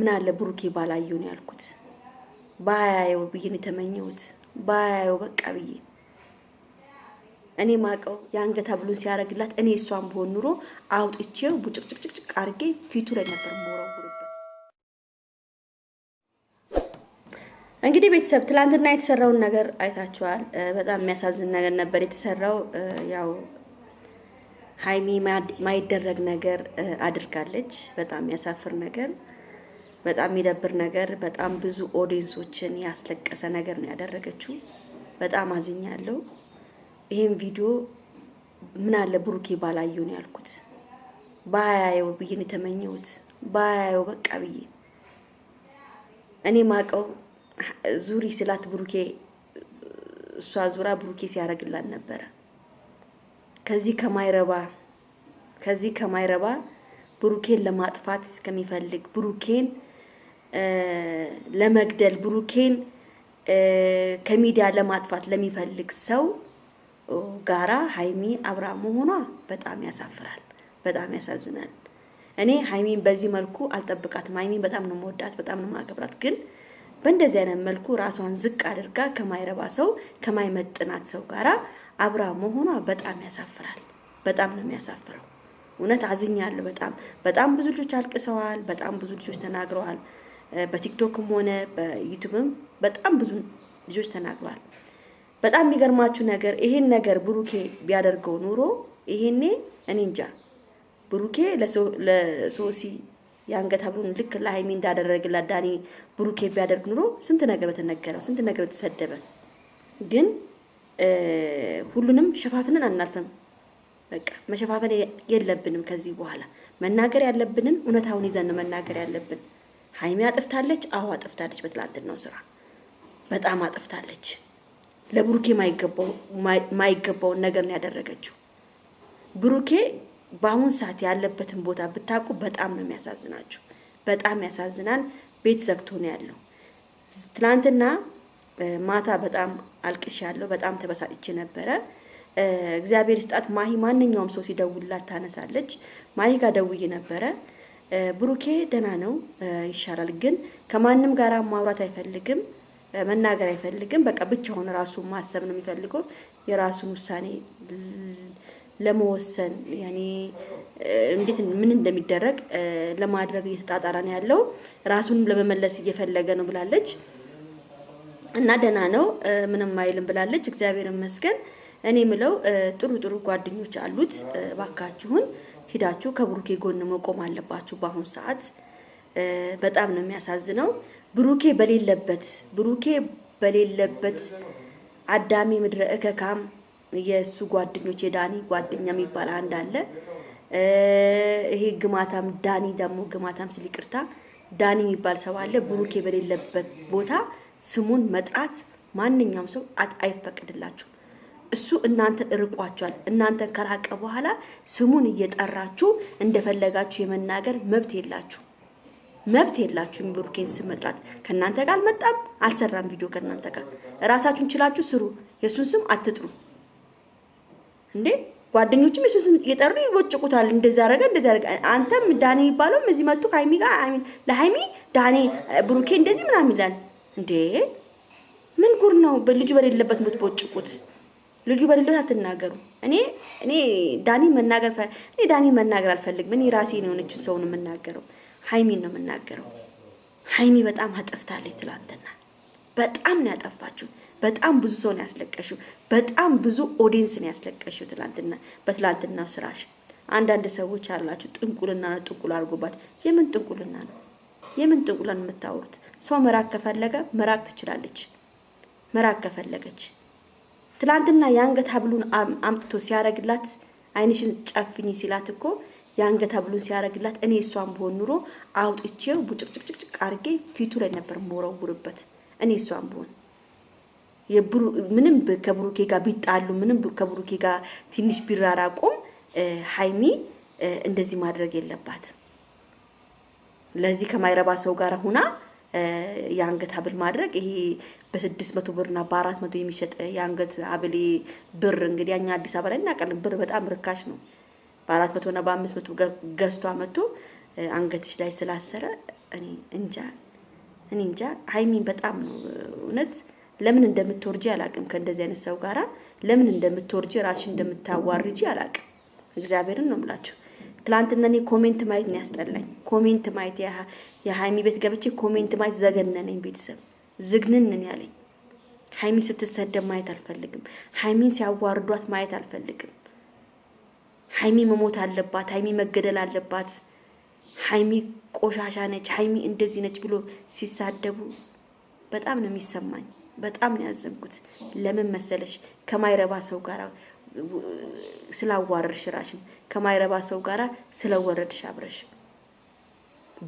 ምን አለ ብሩኬ ባላየው ነው ያልኩት። ባያየው ብዬ ነው የተመኘሁት። ባያየው በቃ ብዬ እኔ ማቀው የአንገት ሐብሉን ሲያደርግላት እኔ እሷን ብሆን ኑሮ አውጥቼው ቡጭቅጭቅጭቅ አድርጌ ፊቱ ላይ ነበር የምወረውርበት። እንግዲህ ቤተሰብ ትላንትና የተሰራውን ነገር አይታችኋል። በጣም የሚያሳዝን ነገር ነበር የተሰራው። ያው ሀይሚ ማይደረግ ነገር አድርጋለች። በጣም የሚያሳፍር ነገር በጣም የሚደብር ነገር፣ በጣም ብዙ ኦዲየንሶችን ያስለቀሰ ነገር ነው ያደረገችው። በጣም አዝኛለሁ። ይህም ቪዲዮ ምን አለ ብሩኬ ባላየው ነው ያልኩት። ባያየው ብዬ ነው የተመኘሁት። ባያየው በቃ ብዬ እኔ ማቀው ዙሪ ስላት ብሩኬ እሷ ዙራ ብሩኬ ሲያደርግላት ነበረ። ከዚህ ከማይረባ ከዚህ ከማይረባ ብሩኬን ለማጥፋት ከሚፈልግ ብሩኬን ለመግደል ብሩኬን ከሚዲያ ለማጥፋት ለሚፈልግ ሰው ጋራ ሀይሚ አብራ መሆኗ በጣም ያሳፍራል፣ በጣም ያሳዝናል። እኔ ሀይሚን በዚህ መልኩ አልጠብቃትም። ሀይሚን በጣም ነው መወዳት፣ በጣም ነው ማከብራት። ግን በእንደዚህ አይነት መልኩ ራሷን ዝቅ አድርጋ ከማይረባ ሰው ከማይመጥናት ሰው ጋራ አብራ መሆኗ በጣም ያሳፍራል። በጣም ነው የሚያሳፍረው። እውነት አዝኛለሁ። በጣም በጣም ብዙ ልጆች አልቅሰዋል። በጣም ብዙ ልጆች ተናግረዋል። በቲክቶክም ሆነ በዩቱብም በጣም ብዙ ልጆች ተናግሯል። በጣም የሚገርማችሁ ነገር ይሄን ነገር ብሩኬ ቢያደርገው ኑሮ ይሄኔ እኔ እንጃ ብሩኬ ለሶሲ የአንገት ሀብሉን ልክ ለሀይሚ እንዳደረገላት ዳኒ ብሩኬ ቢያደርግ ኑሮ ስንት ነገር በተነገረው፣ ስንት ነገር በተሰደበ። ግን ሁሉንም ሸፋፍንን አናልፈም። በቃ መሸፋፈን የለብንም። ከዚህ በኋላ መናገር ያለብንን እውነታውን ይዘን ነው መናገር ያለብን። ሀይሚ አጥፍታለች። አዎ አጥፍታለች። በትላንትናው ስራ በጣም አጥፍታለች። ለብሩኬ ማይገባውን ነገር ነው ያደረገችው። ብሩኬ በአሁን ሰዓት ያለበትን ቦታ ብታውቁ በጣም ነው የሚያሳዝናችሁ። በጣም ያሳዝናል። ቤት ዘግቶ ነው ያለው። ትናንትና ማታ በጣም አልቅሽ ያለው በጣም ተበሳጭቼ ነበረ። እግዚአብሔር ስጣት። ማሂ ማንኛውም ሰው ሲደውላት ታነሳለች። ማሂ ጋር ደውዬ ነበረ ብሩኬ ደህና ነው ይሻላል፣ ግን ከማንም ጋር ማውራት አይፈልግም፣ መናገር አይፈልግም። በቃ ብቻውን ራሱ ማሰብ ነው የሚፈልገው የራሱን ውሳኔ ለመወሰን ያኔ እንዴት ምን እንደሚደረግ ለማድረግ እየተጣጣረ ነው ያለው። ራሱን ለመመለስ እየፈለገ ነው ብላለች እና ደህና ነው ምንም አይልም ብላለች። እግዚአብሔር ይመስገን። እኔ ምለው ጥሩ ጥሩ ጓደኞች አሉት። ባካችሁን ሂዳችሁ ከብሩኬ ጎን መቆም አለባችሁ። በአሁኑ ሰዓት በጣም ነው የሚያሳዝነው። ብሩኬ በሌለበት ብሩኬ በሌለበት አዳሚ ምድረ እከካም የእሱ ጓደኞች የዳኒ ጓደኛ የሚባል አንድ አለ። ይሄ ግማታም ዳኒ ደግሞ ግማታም ስል ይቅርታ ዳኒ የሚባል ሰው አለ። ብሩኬ በሌለበት ቦታ ስሙን መጥራት ማንኛውም ሰው አይፈቅድላችሁ። እሱ እናንተ እርቋቸዋል። እናንተ ከራቀ በኋላ ስሙን እየጠራችሁ እንደፈለጋችሁ የመናገር መብት የላችሁ መብት የላችሁ። የሚብሩኬን ስም መጥራት ከእናንተ ጋር አልመጣም አልሰራም ቪዲዮ ከእናንተ ጋር እራሳችሁን ችላችሁ ስሩ። የእሱን ስም አትጥሩ እንዴ። ጓደኞችም የእሱን ስም እየጠሩ ይወጭቁታል። እንደዚ አደረገ እንደዚ አደረገ። አንተም ዳኔ የሚባለውም እዚህ መጥቶ ከሀይሚ ጋር ለሀይሚ ዳኔ ብሩኬ እንደዚህ ምናምን ይላል እንዴ። ምን ጉር ነው? በልጁ በሌለበት የምትቦጭቁት ልጁ በሌሎት አትናገሩ። እኔ እኔ ዳኒ መናገር እኔ ዳኒ መናገር አልፈልግም። እኔ ራሴን የሆነችን ነው የምናገረው ሀይሚን ነው የምናገረው። ሀይሚ በጣም አጠፍታለች። ትላንትና በጣም ነው ያጠፋችሁ። በጣም ብዙ ሰው ነው ያስለቀሽው። በጣም ብዙ ኦዲንስ ነው ያስለቀሽው ትላንትና በትላንትናው ስራሽ። አንዳንድ ሰዎች አላችሁ ጥንቁልና ነው ጥንቁል አድርጎባት። የምን ጥንቁልና ነው? የምን ጥንቁልና የምታወሩት? ሰው መራቅ ከፈለገ መራቅ ትችላለች፣ መራቅ ከፈለገች ትላንትና የአንገት ሀብሉን አምጥቶ ሲያረግላት አይንሽን ጨፍኝ ሲላት እኮ የአንገት ሀብሉን ሲያረግላት እኔ እሷን ብሆን ኑሮ አውጥቼው ቡጭቅጭቅጭቅ አርጌ ፊቱ ላይ ነበር መወረውርበት። እኔ እሷን ብሆን ምንም ከብሩኬ ጋር ቢጣሉ፣ ምንም ከብሩኬ ጋር ትንሽ ቢራራቁም ሀይሚ እንደዚህ ማድረግ የለባት። ለዚህ ከማይረባ ሰው ጋር ሁና የአንገት ሀብል ማድረግ ይሄ በስድስት መቶ ብር እና በአራት መቶ የሚሸጥ የአንገት ሀብል ብር እንግዲህ እኛ አዲስ አበባ ላይ እናውቃለን። ብር በጣም ርካሽ ነው። በአራት መቶ እና በአምስት መቶ ገዝቶ መቶ አንገትሽ ላይ ስላሰረ እኔ እንጃ እኔ እንጃ። ሀይሚን በጣም ነው እውነት ለምን እንደምትወርጂ አላውቅም። ከእንደዚህ አይነት ሰው ጋራ ለምን እንደምትወርጂ ራስሽን እንደምታዋርጂ አላውቅም። እግዚአብሔርን ነው የምላችሁ። ትላንትና እኔ ኮሜንት ማየት ነው ያስጠላኝ። ኮሜንት ማየት የሀይሚ ቤት ገብቼ ኮሜንት ማየት ዘገነነኝ ቤተሰብ ዝግንንን ያለኝ ሀይሚን ስትሰደብ ማየት አልፈልግም። ሀይሚን ሲያዋርዷት ማየት አልፈልግም። ሀይሚ መሞት አለባት፣ ሀይሚ መገደል አለባት፣ ሀይሚ ቆሻሻ ነች፣ ሀይሚ እንደዚህ ነች ብሎ ሲሳደቡ በጣም ነው የሚሰማኝ። በጣም ነው ያዘንኩት። ለምን መሰለሽ? ከማይረባ ሰው ጋር ስላዋረድሽ ራሽን ከማይረባ ሰው ጋር ስለወረድሽ አብረሽ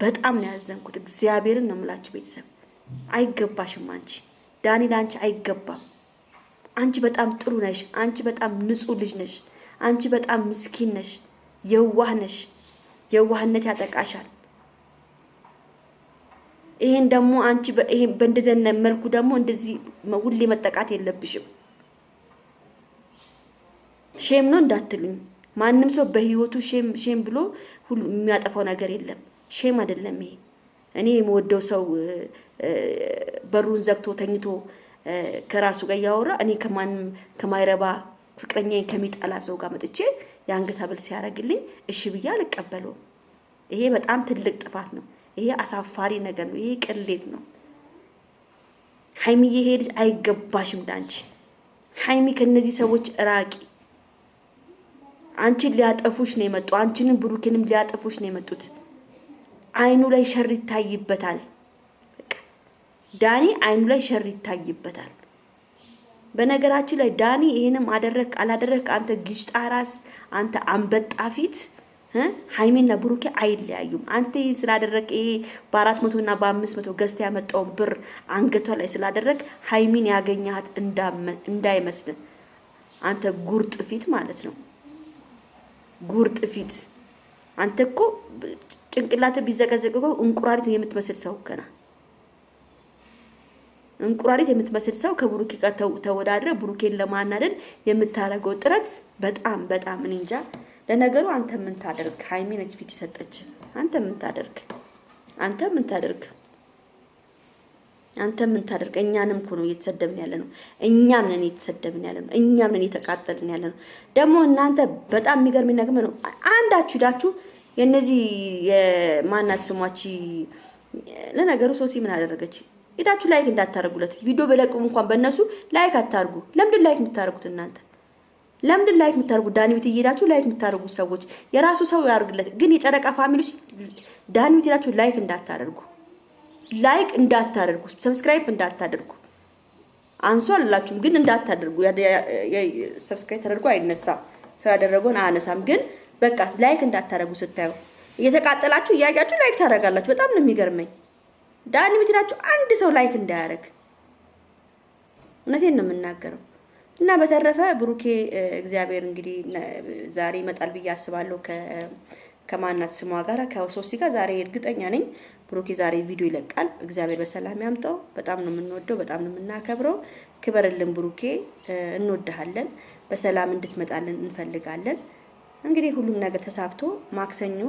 በጣም ነው ያዘንኩት። እግዚአብሔርን ነው የምላችሁ ቤተሰብ አይገባሽም። አንቺ ዳኒ ለአንቺ አይገባም። አንቺ በጣም ጥሩ ነሽ። አንቺ በጣም ንጹህ ልጅ ነሽ። አንቺ በጣም ምስኪን ነሽ፣ የዋህ ነሽ። የዋህነት ያጠቃሻል። ይሄን ደግሞ አንቺ ይሄን መልኩ ደግሞ እንደዚህ ሁሌ መጠቃት የለብሽም። ሼም ነው እንዳትሉኝ። ማንም ሰው በህይወቱ ሼም ሼም ብሎ ሁሉ የሚያጠፋው ነገር የለም። ሼም አይደለም ይሄ። እኔ የምወደው ሰው በሩን ዘግቶ ተኝቶ ከራሱ ጋር እያወራ እኔ ከማንም ከማይረባ ፍቅረኛዬን ከሚጠላ ሰው ጋር መጥቼ የአንገት ሐብል ሲያደርግልኝ እሺ ብዬ አልቀበለውም። ይሄ በጣም ትልቅ ጥፋት ነው። ይሄ አሳፋሪ ነገር ነው። ይሄ ቅሌት ነው። ሀይሚ ይሄ ልጅ አይገባሽም ለአንቺ። ሀይሚ ከነዚህ ሰዎች ራቂ። አንቺን ሊያጠፉሽ ነው የመጡ አንቺንም ብሩኬንም ሊያጠፉሽ ነው የመጡት። አይኑ ላይ ሸር ይታይበታል። ዳኒ አይኑ ላይ ሸር ይታይበታል። በነገራችን ላይ ዳኒ ይሄንም አደረክ አላደረክ፣ አንተ ግሽጣ ራስ፣ አንተ አንበጣ ፊት ሀይሜና ብሩኬ አይለያዩም። አንተ ስላደረክ ይሄ በአራት መቶ እና በአምስት መቶ ገዝታ ያመጣውን ብር አንገቷ ላይ ስላደረግ ሀይሚን ያገኘሃት እንዳይመስል፣ አንተ ጉርጥ ፊት ማለት ነው ጉርጥ ፊት አንተ እኮ ጭንቅላት ቢዘቀዘቅ እኮ እንቁራሪት የምትመስል ሰው ከና እንቁራሪት የምትመስል ሰው ከብሩኬ ጋር ተወዳድረ ብሩኬን ለማናደድ የምታደርገው ጥረት በጣም በጣም እንጃ። ለነገሩ አንተ ምን ታደርግ? ሃይሜ ነች ፊት የሰጠች። አንተ ምን ታደርግ? አንተ ምን ታደርግ? አንተ ምን ታደርግ? እኛንም እኮ ነው እየተሰደብን ያለ ነው። እኛም ነን እየተሰደብን ያለ ነው። እኛም ነን እየተቃጠልን ያለ ነው። ደግሞ እናንተ በጣም የሚገርም ነገር ነው። አንዳችሁ ዳችሁ የነዚህ የማናት ስሟች ለነገሩ ሶሲ ምን አደረገች? ሄዳችሁ ላይክ እንዳታደርጉለት ቪዲዮ በለቅም እንኳን በእነሱ ላይክ አታርጉ። ለምንድን ላይክ የምታደርጉት እናንተ? ለምንድን ላይክ የምታደርጉት? ዳኒ ቤት እየሄዳችሁ ላይክ የምታደርጉት ሰዎች የራሱ ሰው ያርግለት። ግን የጨረቃ ፋሚሊዎች ዳኒ ቤት ሄዳችሁ ላይክ እንዳታደርጉ ላይክ እንዳታደርጉ፣ ሰብስክራይብ እንዳታደርጉ አንሱ አላችሁም፣ ግን እንዳታደርጉ። ሰብስክራይብ ተደርጎ አይነሳም፣ ሰው ያደረገውን አያነሳም። ግን በቃ ላይክ እንዳታደርጉ። ስታዩ እየተቃጠላችሁ እያያችሁ ላይክ ታደርጋላችሁ። በጣም ነው የሚገርመኝ። ዳኒ ምትናችሁ አንድ ሰው ላይክ እንዳያደርግ፣ እውነቴን ነው የምናገረው። እና በተረፈ ብሩኬ እግዚአብሔር እንግዲህ ዛሬ ይመጣል ብዬ አስባለሁ ከማናት ስሟ ጋር ከሶሲ ጋር ዛሬ እርግጠኛ ነኝ። ብሩኬ ዛሬ ቪዲዮ ይለቃል። እግዚአብሔር በሰላም ያምጣው። በጣም ነው የምንወደው፣ በጣም ነው የምናከብረው። ክበርልን ብሩኬ፣ እንወድሃለን። በሰላም እንድትመጣልን እንፈልጋለን። እንግዲህ ሁሉም ነገር ተሳክቶ ማክሰኞ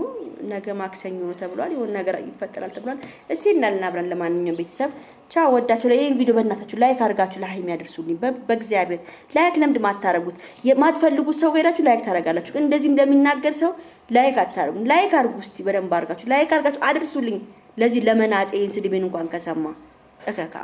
ነገ ማክሰኞ ነው ተብሏል። የሆነ ነገር ይፈጠራል ተብሏል። እስቲ እናልና አብረን ለማንኛውም ቤተሰብ ቻ ወዳችሁ ላይ ይሄን ቪዲዮ በእናታችሁ ላይክ አድርጋችሁ ለሀይሚ ያደርሱልኝ። በእግዚአብሔር ላይክ ለምድ ማታረጉት የማትፈልጉ ሰው ሄዳችሁ ላይክ ታረጋላችሁ። እንደዚህ እንደሚናገር ሰው ላይክ አታረጉም። ላይክ አድርጉ እስቲ በደንብ አድርጋችሁ ላይክ አድርጋችሁ አድርሱልኝ። ለዚህ ለመናጤ ስድቤን እንኳን ከሰማ እከካ